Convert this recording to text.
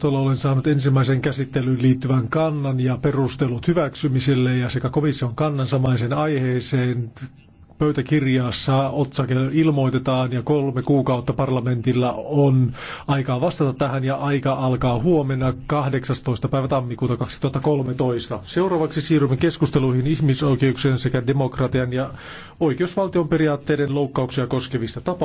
Tuolla olen saanut ensimmäisen käsittelyyn liittyvän kannan ja perustelut hyväksymiselle ja sekä komission kannan samaisen aiheeseen pöytäkirjassa otsake ilmoitetaan ja kolme kuukautta parlamentilla on aikaa vastata tähän ja aika alkaa huomenna 18. päivä tammikuuta 2013. Seuraavaksi siirrymme keskusteluihin ihmisoikeuksien sekä demokratian ja oikeusvaltion periaatteiden loukkauksia koskevista tapauksista.